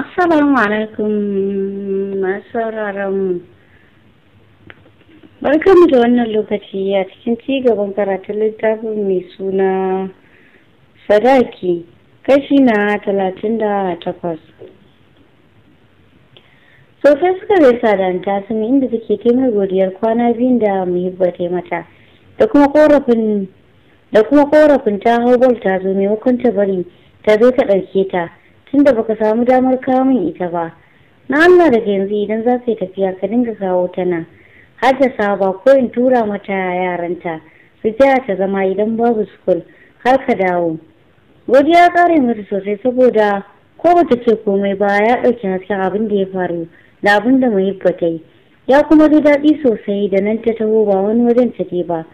Assalamu alaikum mu. barkanmu da wannan lokaci a cikin cigaban karatun littafin mai suna sadaki kashi na talatin da takwas. Sofai suka zai da ta sun inda suke taimar godiyar kwana biyun da muhibba mata da kuma korafin da kuma korafin ta hau bol ta zo maimakon ta bari ta zo ta ɗauke ta. tunda baka samu damar kawo min ita ba na Allah daga yanzu idan za su yi tafiya ka dinga kawo ta nan har da saba ko in tura mata yaranta su taya ta zama idan babu sukul har ka dawo godiya kare mata sosai saboda ko ba ta ce komai ba ya ɗauki hasken abin da ya faru da abin da muhibba ta yi ya kuma ji daɗi sosai da nan ta taho ba wani wajen ta je ba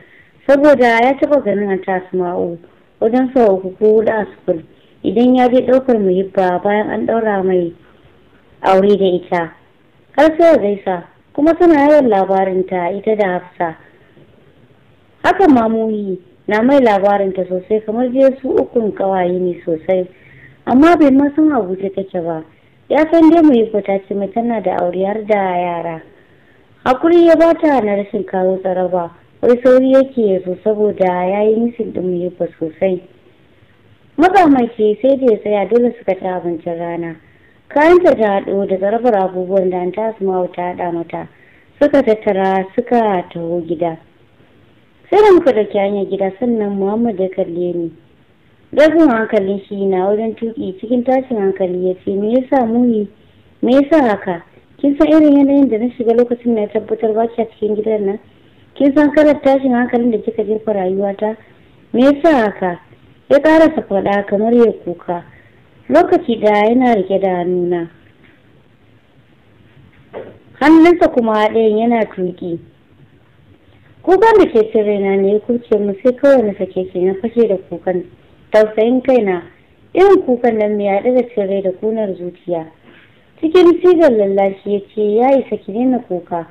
saboda ya taɓa ganin a tasuma'u wajen sa uku ko hudu a school idan ya je ɗaukar muhibba bayan an ɗaura mai aure da ita har sai gaisa kuma suna yawan labarinta ita da hafsa haka mamuni na mai labarinta sosai kamar jiya su ukun kawaye ne sosai amma bai ma san abuja take ba ya san dai muhibba ta ce mai tana da aure har da yara hakuri ya bata na rashin kawo tsaraba wai sauri yake yazo saboda ya yi misin ɗin muhibba sosai makamaki sai da ya tsaya dole suka ci abincin rana kayanta ta haɗu da zarabar abubuwan da ta mawa ta haɗa mata suka tattara suka taho gida sai da muka ɗauki hanyar gida sannan muhammad ya kalle ni rabin hankalin shi na wajen tuƙi cikin tashin hankali ya ce me yasa muni me yasa haka kin san irin yanayin da na shiga lokacin da na tabbatar ba ki a cikin gidan nan kin san kalar tashin hankalin da kika jefa rayuwata me yasa haka ya karasa faɗa kamar ya kuka lokaci da yana rike da hannuna hannunsa kuma ɗayan yana tuƙi kukan da ke na ne ya kuce mu sai kawai na sake ke na fashe da kukan tausayin kaina irin kukan nan mai haɗe da cire da kunar zuciya cikin sigar lallashi ya ce ya isa ki na kuka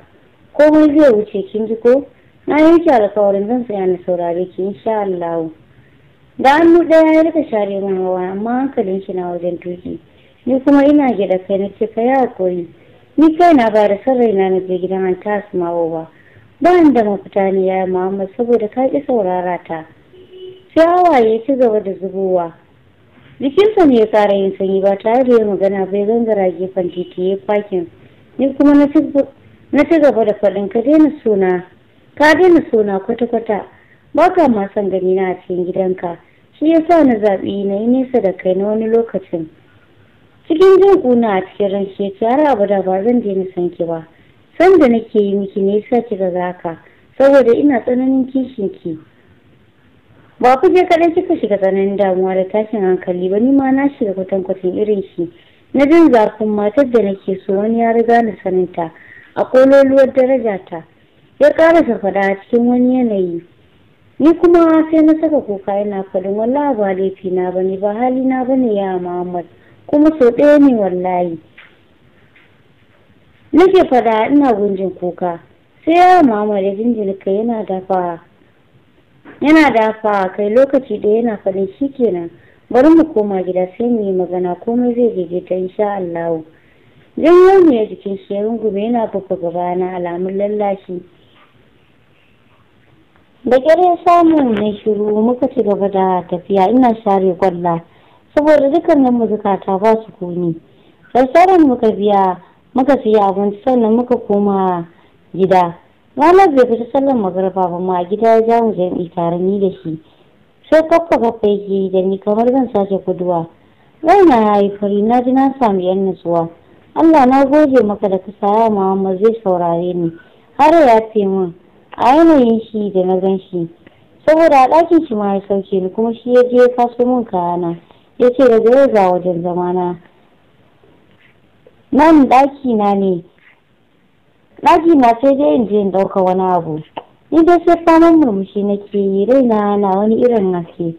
komai zai wuce kin ji ko na yanke alkawarin zan tsaya na saurare ki insha Allah. da hannu ɗaya ya rika share min hawa amma hankalin shi na wajen tuki ni kuma ina gida kai na ce ka yi hakuri ni kai na ba da son raina na je gidan an ta su mawo ba ba ni da mafita ne ya yi muhammad saboda ka ƙi saurara ta sai hawaye ci gaba da zubowa jikinsa ne ya ƙara yin sanyi ba tare da yin magana bai gangara gefen titi ya fakin ni kuma na ci gaba da faɗin ka daina suna ka daina suna kwata-kwata ba ka ma son gani na a cikin gidanka shi ya sa na zaɓi na yi nesa da kai na wani lokacin cikin jin ƙuna a cikin ran shi har abada ba zan daina san ki ba Sanda da nake yi miki ne yasa kika ga haka saboda ina tsananin kishin ki ba ku je kaɗai kika shiga tsananin damuwa da tashin hankali ba ni ma na shiga kwatankwacin irin shi na jin zafin matar da nake so wani ya riga na saninta a kololuwar daraja ta ya ƙarasa faɗa a cikin wani yanayi ni kuma sai na saka kuka yana faɗin wallahi ba laifi na bane ba hali na bane ya Muhammad kuma sau ɗaya ne wallahi nake fada ina gunjin kuka sai ya Muhammad ya jinjina kai yana dafa yana dafa kai lokaci da yana faɗin shikenan bari mu koma gida sai mu yi magana komai zai ta insha Allah janyo ne jikin shi ya rungume yana babba gabana alamun lallashi da ya samu na shiru muka ci gaba da tafiya ina share kwalla saboda dukkanin ta ba su kuni restaurant muka biya muka siya abinci sannan muka koma gida ranar bai fita sallan magarba ba ma gida ya ja mu jam'i tare ni da shi sai kafa kafa yake yi da ni kamar zan sake kuduwa raina na yi fari na ji na samu yan nutsuwa allah na goge maka da ka saya ma zai saurare ni har ya fi min a yanayin shi da na gan shi saboda a ɗakin shi ma ya sauke ni kuma shi ya je ya kaso min kayana ya ce daga yau ga wajen zamana nan ɗaki na ne ɗaki na sai dai in je in ɗauka wani abu ni dai sai faman murmushi nake yi raina na wani irin haske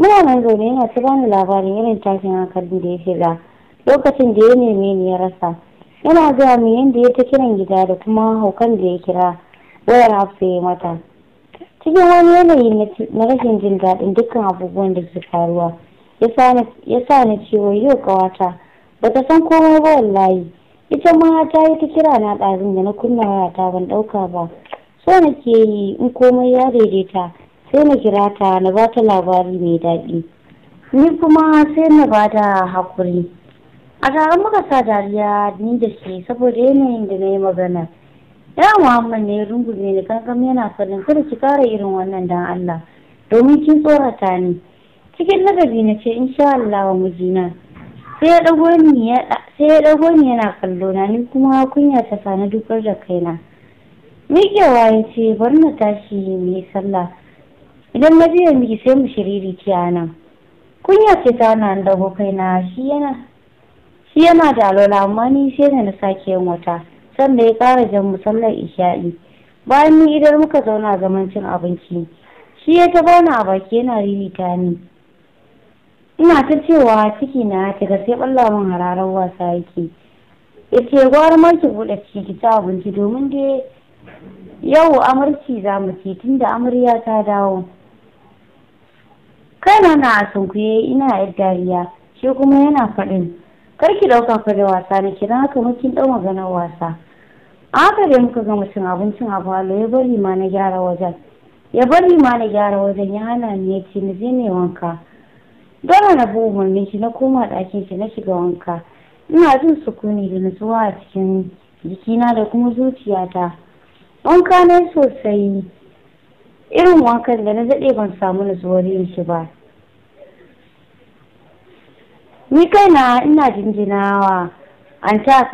muna nan zaune yana ta bani labarin irin tashin hankalin da ya shiga lokacin da ya neme ni ya rasa yana gaya min yadda ya ta kiran gida da kuma haukan da ya kira wayar hafsa ya mata cikin wani yanayi na rashin jin daɗin dukkan abubuwan da ke faruwa ya sa na cewa yau ƙawata ba ta san komai ba wallahi ita ma ta yi ta kira na ɗazin da na kunna ta ban ɗauka ba so na ke yi in komai ya daidaita sai na kira ta na ba ta labari mai daɗi ni kuma sai na ba da haƙuri a taron muka sa dariya ni da shi saboda yanayin da na yi magana ya muhammad ne rungume ni kankan yana faɗin kada ki kara irin wannan dan allah domin kin tsorata ni cikin ladabi na ce insha allah wa mijina sai ya ɗago ni yana kallo na ni kuma kunya ta fana dukar da kaina Mikewa ya ce bari na tashi mai sallah idan na biya miki sai mu shiriri ki a nan kunya ce ta na dago kaina shi yana shi yana da alola amma ni sai na sake yin wata da ya kara jan musallar isha'i bayan mun idan muka zauna zaman cin abinci shi ya taba bani a baki yana ta ni ina ta cewa ciki na ga sai ɓalla min hararar wasa yake ya ce gwara ma ki buɗe ciki ki ci abinci domin dai yau amurci za mu ci tunda amarya ta dawo kaina na a sunkuye ina yar dariya shi kuma yana faɗin kar ki ɗauka fa da wasa na kira haka mukin ɗau maganar wasa aka da muka gama cin abincin a falo ya bari ma na gyara wajen ya bari ma na gyara wajen ya hana ni ya ce ni zai wanka dole na bi umarnin shi na koma ɗakin shi na shiga wanka ina jin sukuni da nutsuwa a cikin jikina da kuma zuciyata wanka na sosai irin wankan da na daɗe ban samu nutsuwar yin shi ba ni kaina ina jinjinawa an ta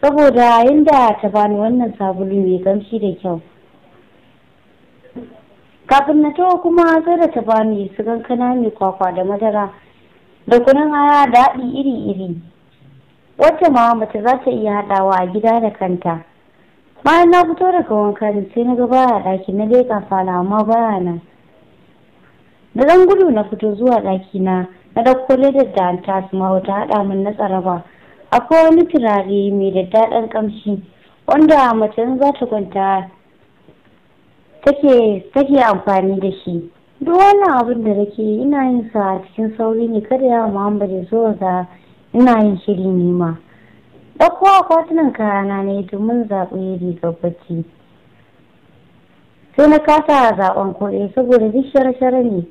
saboda inda ta bani wannan sabulu mai gamshi da kyau kafin na tawa kuma sai da ta bani su gankana mai kwakwa da madara da kunun haya da haɗi iri-iri wacce ma mace za ta iya haɗawa a gida da kanta bayan na fito daga wankan sai na ga baya ɗaki na leƙa fala amma baya nan da zan gudu na fito zuwa ɗaki na na ɗauko ledar da ta ma ta haɗa min na tsaraba akwai wani turare mai da daɗin ƙamshi wanda mace za ta kwanta take take amfani da shi duk wannan abin da nake ina yin sa cikin sauri ne kada ya Muhammad zuwa zo ga ina yin shiri ne ma ɗauko akwatunan kayana ne domin zaɓi rigar bacci sai na kasa zaɓen kuɗi saboda duk shara-shara ne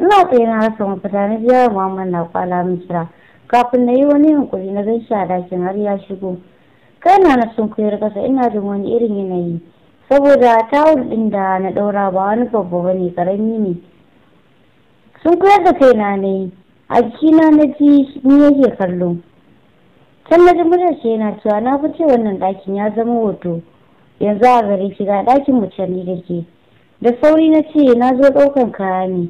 ina tsaye na rasa mafita na biya Muhammad na kwala min kira kafin na yi wani yunkuri na gan shi a dakin har ya shigo kana na sun koyar kasa ina da wani irin yanayi saboda tawul ɗin da na ɗaura ba wani babba ba ne ƙarami ne sun kuyar da kaina ne a jikina na ji ni yake kallo can na ji yana cewa na fice wannan ɗakin ya zama hoto yanzu a gare shi ga ɗakin mace ne da ke da sauri na ce na zo ɗaukan kaya ne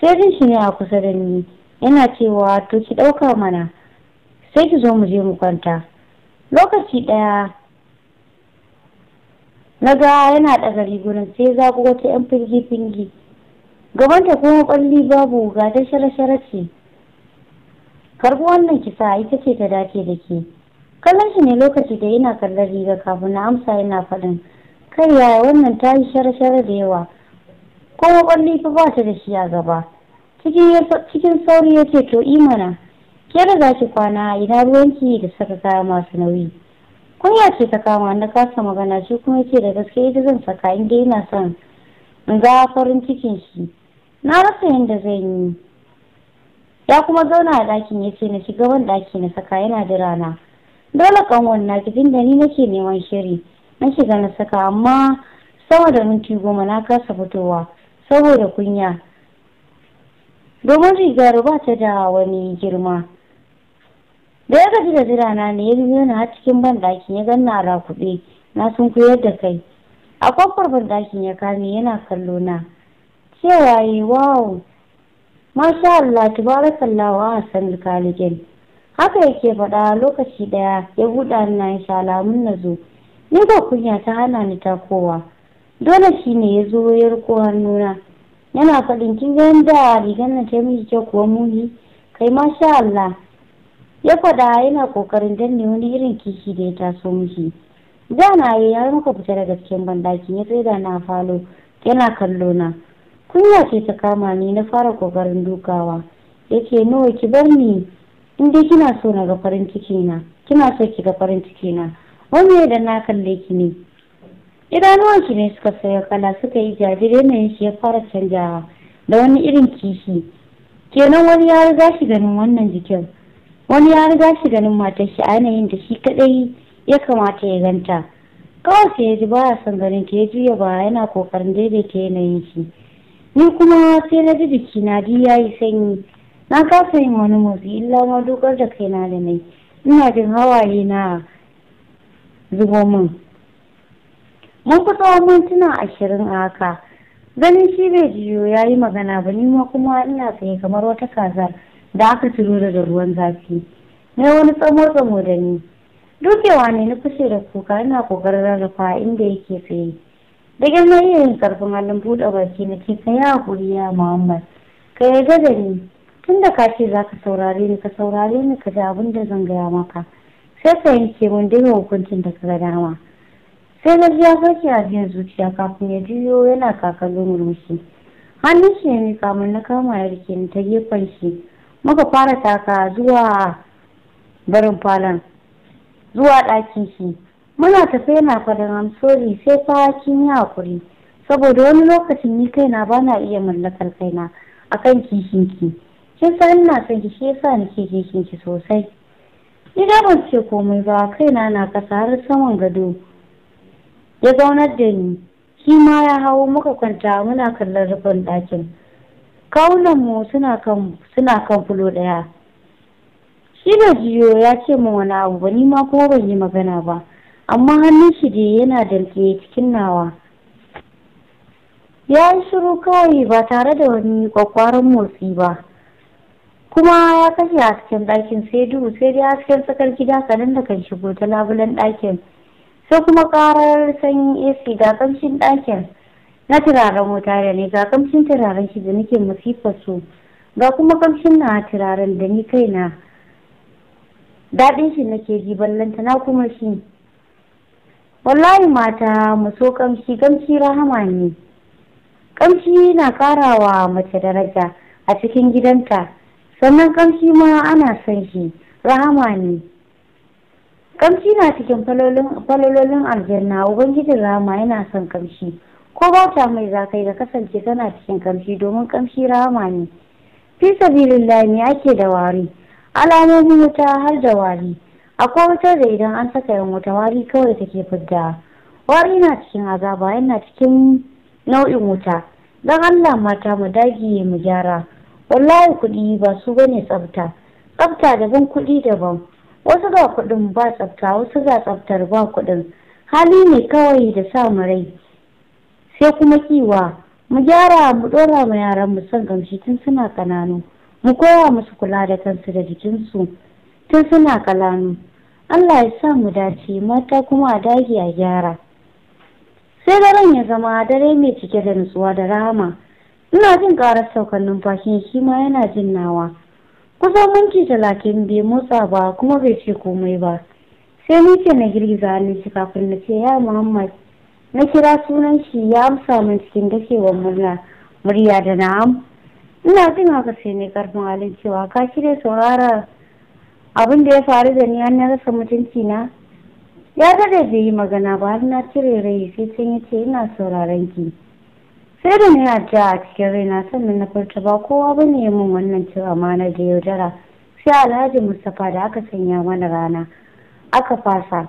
sai shi ne a kusa da ni yana cewa to ki ɗauka mana sai ki zo mu je mu kwanta lokaci ɗaya na ga yana ɗaga rigunan sai za ku wata 'yan firgi-firgi gabanta kuma ƙwalli babu ga ta shara-shara ce karbi wannan kisa ita ce ta dace da ke kallon shi ne lokaci da yana kallon riga kafin na amsa yana faɗin kai yaya wannan ta yi shara-shara da yawa kuma ƙwalli fa ba ta da shi a gaba cikin sauri ya ce to imana ke da za ki kwana ina ruwanki da saka kaya masu nauyi kunya ce ta kama na kasa magana shi kuma ce da gaske ita zan saka in dai son in ga farin cikin shi na rasa yadda zan yi ya kuma zauna a dakin ya ce na shiga gaban ɗaki na saka yana da rana dole kanwan na gidin da ni nake neman shiri na shiga na saka amma sama da minti goma na kasa fitowa saboda kunya domin rigar ba ta da wani girma da ya gaji da na ne ya biyo ni har cikin banɗakin ya ganna a rakuɗe na sun koyar da kai a kofar banɗakin ya kame yana kallo na cewa yi wawo. masha Allah kallawa a sanar kaligin haka yake faɗa lokaci ɗaya ya buɗa na ya salamun na zo ni ba kunya ta hana ni takowa dole shi ne ya zo ya riko hannuna yana faɗin kin ga yanda rigar nan ta miji kyau kuwa muni kai masha Allah ya faɗa yana kokarin danne wani irin kishi da ya taso mishi da na yi ya muka fita daga cikin bandaki ya da na falo yana kallo na kunya ce ta kama ni na fara kokarin dukawa yake nawa ki bar ni in dai kina so na ga farin ciki na kina so ki ga farin ciki na wani da na kalle ki ne idanuwansu ne suka saya kala suka yi jajire na shi ya fara canjawa da wani irin kishi kenan wani ya riga shi ganin wannan jikin wani ya riga shi ganin matar shi a yanayin da shi kadai ya kamata ya ganta kawai sai ya ji baya son ganin ta ya juya ba yana kokarin daidaita yanayin shi ni kuma sai na ji jiki na ji ya yi sanyi na kasa yin wani motsi illa ma dogar da kaina da nai ina jin hawaye na zubo min mun fi tsawon mintuna ashirin a haka ganin shi bai jiyo ya yi magana ba ni ma kuma ina tsaye kamar wata kazar da aka ciro daga ruwan zafi na wani tsamo tsamo da ni dukewa ne na fushe da kuka ina kokarin rarrafa inda yake tsaye da girma iya yin karfin halin buɗe baki na ce ka yi hakuri ya muhammad ka yarda da ni tun da ka ce za ka saurare ni ka saurare ni ka ji abin da zan gaya maka sai ka yanke mun daga hukuncin da ka ga dama sai na ji ya farke a biyan zuciya kafin ya juyo yana kakalo murmushi hannun shi ne mika min na kama ya rike ni ta gefen shi muka fara taka zuwa barin falon zuwa ɗakin shi muna tafe na faɗin amsori sai fa kin yi hakuri saboda wani lokacin ni kaina ba na iya mallakar kaina akan kishinki kin san ina son ki shi yasa nake kishinki sosai ni da ban ce komai ba kaina na kasa har saman gado ya zaunar da ni shi ma ya hawo muka kwanta muna kallon rufin ɗakin kawunan suna kan suna kan fulo ɗaya shi da jiyo ya ce min wani abu ba ni ma kuma ban yi magana ba amma hannun shi dai yana dalke cikin nawa ya yi shiru kawai ba tare da wani kwakwaran motsi ba kuma ya kashe hasken ɗakin sai duhu sai dai hasken tsakar gida kaɗan da kan shigo ta labulen ɗakin sai kuma karar sanyin AC ga kamshin ɗakin na turaren wuta da ne ga kamshin turaren shi da nake masifa su ga kuma kamshin na turaren da ni kaina daɗin shi nake ji ballanta na kuma shi wallahi mata mu so kamshi kamshi rahama ne kamshi na karawa mace daraja a cikin gidanta sannan kamshi ma ana son shi rahama ne kamshi na cikin falololin aljanna ubangijin rama yana son kamshi ko bauta mai zakai da kasance tana cikin kamshi domin kamshi rama ne fi sabilillahi Lami ake da wari alamomin wuta har da wari akwai wutar da idan an saka yin wuta wari kawai take fidda wari na cikin azaba yana cikin nau'in wuta don allah mata mu dagi mu gyara wallahi kuɗi ba su bane tsafta tsafta daban kuɗi daban wasu ga kuɗin ba tsafta wasu ga tsaftar ba kuɗin hali ne kawai da sa mu rai sai kuma kiwa mu gyara mu dora ma yaran mu san gamshi tun suna ƙananu mu koya musu kula da kansu da jikinsu tun suna ƙananu Allah ya sa mu dace mata kuma a dage a gyara sai daren ya zama dare mai cike da nutsuwa da rahama ina jin ƙarar saukan numfashin shi ma yana jin nawa kusa minti talatin bai motsa ba kuma bai ce komai ba sai ni ce na girgiza ni shi kafin na ce ya muhammad na kira sunan shi ya amsa min cikin dakewar murna murya da na'am ina jin haka sai ne karfin halin cewa ka shirya saurara abin da ya faru da ni an rasa mutunci na ya dade bai yi magana ba har na cire rai sai can ya ce ina sauraron ki sai da ja a cikin raina sannan na furta ba kowa ba ne min wannan cin amanar da yaudara sai alhaji mustapha da aka sanya mana rana aka fasa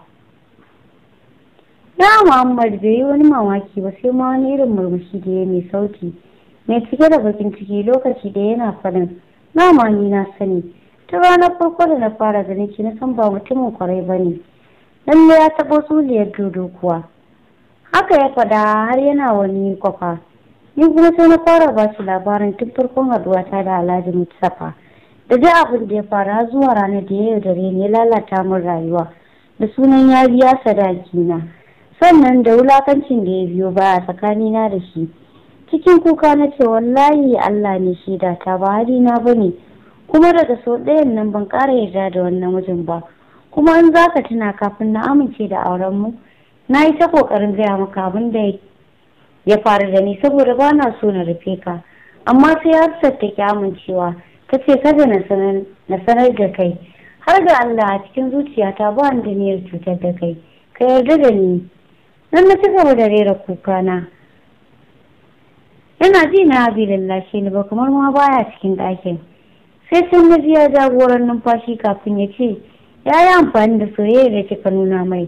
na muhammad bai yi wani mamaki ba sai ma wani irin murmushi da ya mai sauki mai cike da bakin ciki lokaci da yana farin na mani na sani ta ranar farko da na fara ganin shi na san ba mutumin kwarai ba ne lalle ya taɓa suliyar dodo kuwa haka ya faɗa har yana wani kwafa ni kuma sai na fara ba shi labarin tun farkon haduwa ta da alhaji mustapha da dai, abin da ya fara zuwa ranar da ya dare ne ya lalata min rayuwa da sunan ya sadaki na sannan da wulakancin da ya biyo ba a tsakanina da shi cikin kuka na ce wallahi allah ne da ta ba na ba ne kuma daga sau ɗayan nan ban ƙara yarda da wannan mijin ba kuma in za ka tuna kafin na amince da aurenmu na yi ta ƙoƙarin gaya maka abin da ya fara da ni saboda ba na so na rufe ka amma sai hafsat ta ki amincewa ta ce kada na sanar da kai har ga allah a cikin zuciyata ba ni da niyyar cutar da kai ka yarda da ni nan na ci gaba da rera kukana yana ji na abi lallashe ni ba kamar ma baya cikin ɗakin sai sun na ya jagoran numfashi kafin ya ce ya yi amfani da soyayya da kika nuna mai